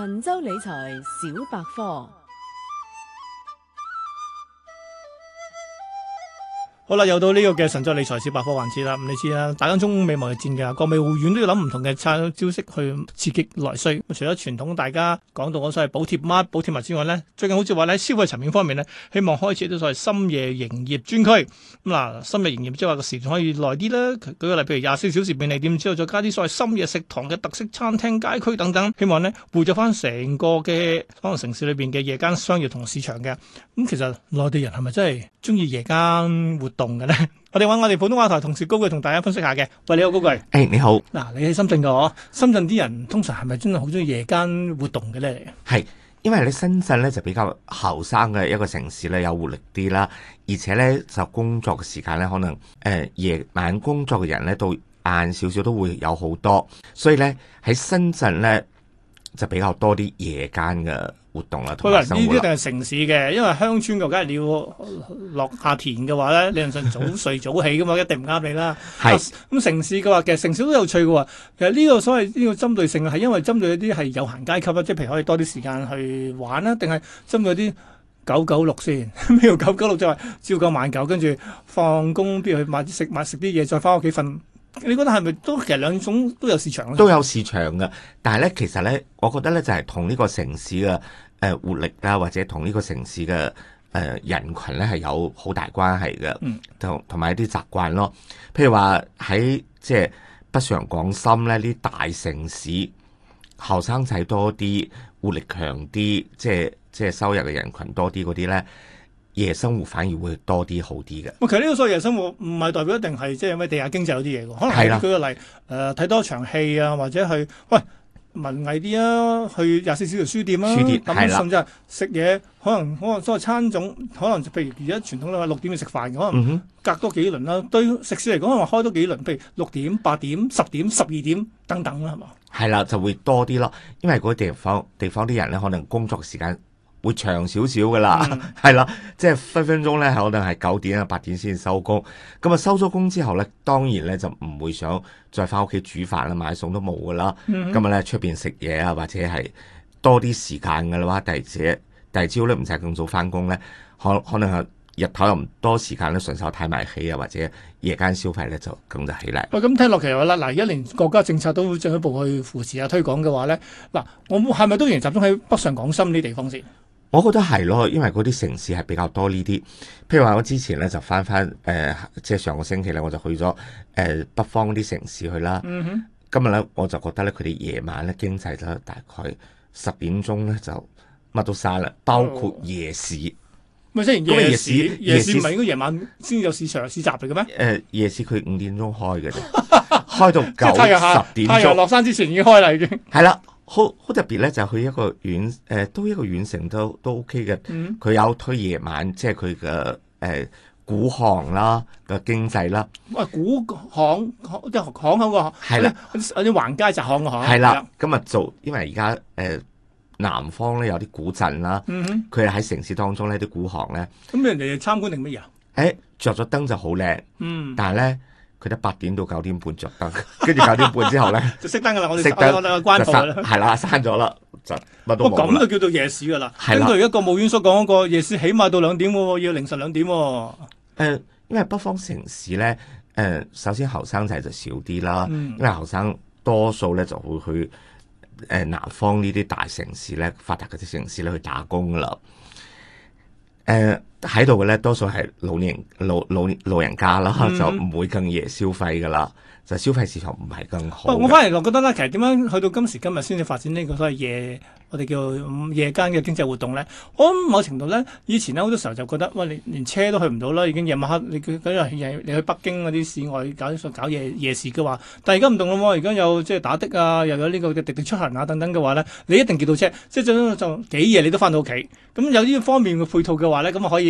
神州理財小百科。好啦，又到呢、這個嘅神州理財小百科環節啦。咁你知啦，打緊中美貿易戰嘅，國美互院都要諗唔同嘅策招式去刺激內需。除咗傳統大家講到嗰所謂補貼乜、補貼物之外咧，最近好似話咧，消費層面方面咧，希望開設啲所謂深夜營業專區。咁、嗯、嗱、啊，深夜營業即係話個時段可以耐啲啦。舉個例，譬如廿四小時便利店之後，再加啲所謂深夜食堂嘅特色餐廳、街區等等，希望咧活咗翻成個嘅可能城市裏面嘅夜間商業同市場嘅。咁、嗯、其實內地人係咪真係中意夜間活動？動嘅咧，我哋揾我哋普通話台同事高炬同大家分析一下嘅。喂，你好，高炬。誒，hey, 你好。嗱、啊，你喺深圳噶嗬？深圳啲人通常係咪真係好中意夜間活動嘅咧？係，因為你深圳咧就比較後生嘅一個城市咧，有活力啲啦。而且咧就工作嘅時間咧，可能誒夜晚工作嘅人咧，到晏少少都會有好多。所以咧喺深圳咧就比較多啲夜間嘅。活動啦，同埋生活。呢啲一定係城市嘅，因為鄉村嘅梗係你要落下田嘅話咧，理論上早睡早起噶嘛，一定唔啱你啦。係咁城市嘅話，其實城市都有趣嘅。其實呢個所謂呢個針對性係因為針對一啲係有閒階級啦，即係譬如可以多啲時間去玩啦，定係針對啲九九六先？呢個九九六，就係朝九晚九，跟住放工，不如去買食，買食啲嘢，再翻屋企瞓。你覺得係咪都其實兩種都有市場？都有市場㗎，但係咧其實咧，我覺得咧就係同呢個城市嘅誒、呃、活力啊，或者同呢個城市嘅誒、呃、人群咧係有好大關係嘅。嗯，同同埋一啲習慣咯。譬如話喺即係北上廣深咧，啲大城市後生仔多啲，活力強啲，即係即係收入嘅人群多啲嗰啲咧。夜生活反而會多啲好啲嘅。其實呢個所謂夜生活唔係代表一定係即係咩地下經濟嗰啲嘢，可能係啦舉個例，誒睇是的、呃、多場戲啊，或者係喂文藝啲啊，去廿四小，小時書店啊，書店甚至係食嘢，是的 可能可能所謂餐種，可能譬如而家傳統啦，六點去食飯嘅話，隔多幾輪啦，嗯、哼 對食肆嚟講可能開多幾輪，譬如六點、八點、十點、十二點等等啦，係嘛？係啦，就會多啲咯，因為嗰啲地方地方啲人咧，可能工作時間。會長少少噶啦，係啦，即係分分鐘咧，可能係九點啊、八點先收工。咁啊收咗工之後咧，當然咧就唔會想再翻屋企煮飯啦、買餸都冇噶啦。今日咧出邊食嘢啊，或者係多啲時間噶啦話，第二朝，第二朝咧唔使咁早翻工咧，可可能係日頭又唔多時間咧，順手睇埋戲啊，或者夜間消費咧就咁就起嚟。喂、嗯，咁聽落其實話啦，嗱，一年國家政策都會進一步去扶持啊、推廣嘅話咧，嗱，我係咪都仍然集中喺北上廣深呢地方先？我覺得係咯，因為嗰啲城市係比較多呢啲，譬如話我之前咧就翻翻誒，即係上個星期咧我就去咗誒、呃、北方啲城市去啦。嗯、哼今日咧我就覺得咧，佢哋夜晚咧經濟咧大概十點鐘咧就乜都晒啦，包括夜市。咪即係夜市？夜市唔係市市應該夜晚先有市場、市集嚟嘅咩？誒、呃，夜市佢五點鐘開嘅啫， 開到九、十點，太陽落山之前已經開啦，已經係啦。好好特別咧，就去一個縣誒、呃，都一個縣城都都 OK 嘅。佢、mm hmm. 有推夜晚，即係佢嘅誒古巷啦嘅經濟啦。喂、啊，古巷巷即係巷口喎，係啦，或者橫街窄巷喎，係啦。咁啊的的做，因為而家誒南方咧有啲古鎮啦。佢哼、mm，喺、hmm. 城市當中呢啲古巷咧。咁人哋參觀定乜嘢啊？誒、哎，著咗燈就好靚。嗯、mm，hmm. 但咧。佢得八點到九點半着燈，跟住九點半之後咧就熄燈噶啦，關燈我哋熄燈就閂關，係啦，閂咗啦就乜關 都咁就叫做夜市噶啦，跟住一個務院所講嗰個夜市，起碼到兩點喎，要凌晨兩點，哦。誒、呃，因為北方城市咧，誒、呃、首先後生仔就少啲啦，嗯、因為後生多數咧就會去誒南方呢啲大城市咧，發達嗰啲城市咧去打工噶啦。誒、呃。喺度嘅咧，多數係老年老老老人家啦，嗯、就唔會咁夜消費噶啦，就消費市場唔係更好。我反而就覺得咧，其實點樣去到今時今日先至發展呢個所謂夜，我哋叫夜間嘅經濟活動咧。我某程度咧，以前呢，好多時候就覺得，喂，你連,連車都去唔到啦，已經夜晚黑，你佢日夜你去北京嗰啲市外搞啲什搞夜夜市嘅話，但而家唔同啦喎，而家有即係打的啊，又有呢、呢個滴滴出行啊等等嘅話咧，你一定叫到車，即係就,就,就幾夜你都翻到屋企。咁有呢方面嘅配套嘅話咧，咁可以。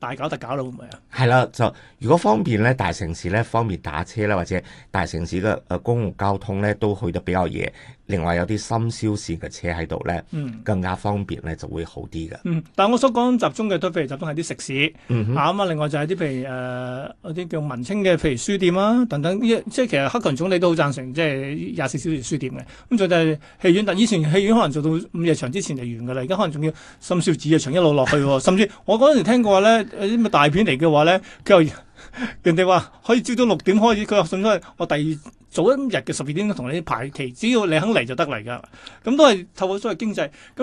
大搞特搞咯，會唔會啊？係啦，就如果方便咧，大城市咧方便打車啦，或者大城市嘅公共交通咧都去得比較夜。另外有啲深宵線嘅車喺度咧，嗯、更加方便咧就會好啲嘅。嗯，但我所講集中嘅都譬如集中喺啲食肆。嗯咁哼啊！另外就係啲譬如誒啲、呃、叫文青嘅，譬如書店啊等等。即係其實黑群總理都好贊成，即係廿四小時書店嘅。咁就係戲院，但以前戲院可能做到午夜場之前就完㗎啦，而家可能仲要深宵子夜場一路落去喎。 甚至我嗰時聽過咧。啲大片嚟嘅話咧，佢又人哋話可以朝早六點開始，佢又信出嚟，我第二早一日嘅十二點同你排期，只要你肯嚟就得嚟噶。咁都係透過所謂經濟，咁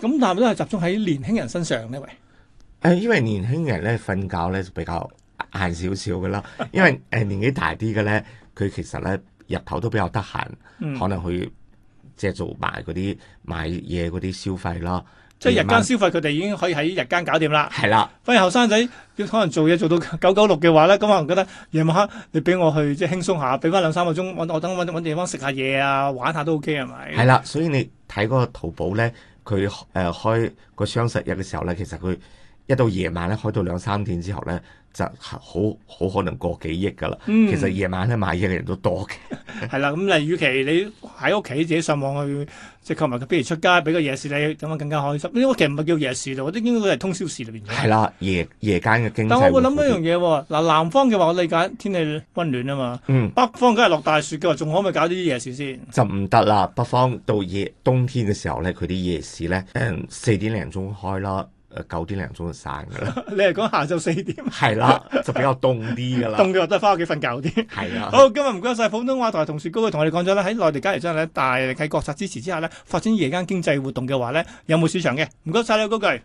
咁但係都係集中喺年輕人身上呢喂。誒，因為年輕人咧瞓覺咧就比較晏少少嘅啦，因為誒年紀大啲嘅咧，佢其實咧日頭都比較得閒，嗯、可能去即係做埋嗰啲買嘢嗰啲消費啦。即係日間消費，佢哋已經可以喺日間搞掂啦的。係啦，反而後生仔要可能做嘢做到九九六嘅話咧，咁我覺得夜晚黑你俾我去即係輕鬆下，俾翻兩三個鐘，我我等我揾揾地方食下嘢啊，玩下都 OK 係咪？係啦，所以你睇嗰個淘寶咧，佢誒、呃、開個雙十一嘅時候咧，其實佢。一到夜晚咧，開到兩三點之後咧，就好好可能過幾億噶啦。嗯、其實夜晚咧買嘢嘅人都多嘅。係啦，咁與其你喺屋企自己上網去即係購物，譬如出街俾個夜市你，咁樣更加開心。因為其實唔係叫夜市，我覺得應該係通宵市裏面。係啦，夜夜間嘅經濟，但我會諗一樣嘢喎、啊，嗱南方嘅話、嗯、話，我理解天氣温暖啊嘛。嗯。北方梗係落大雪嘅話，仲可唔可以搞啲夜市先？就唔得啦，北方到夜冬天嘅時候咧，佢啲夜市咧，誒、嗯、四點零鐘開啦。誒，九點零鐘就散噶啦。 你係講下晝四點，係啦，就比較凍啲噶啦。凍嘅話都係翻屋企瞓覺啲。係啊，好，今日唔該晒普通話台同事高炬同我哋講咗啦，喺內地交易中咧，大力喺國策支持之下咧，發展夜間經濟活動嘅話咧，有冇市場嘅？唔該晒啦，高炬。